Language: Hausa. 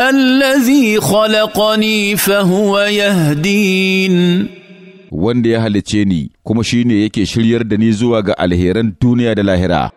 الذي خلقني فهو يهدين wanda ya halicce ni kuma shine yake shiryar da ni zuwa ga alheran duniya da lahira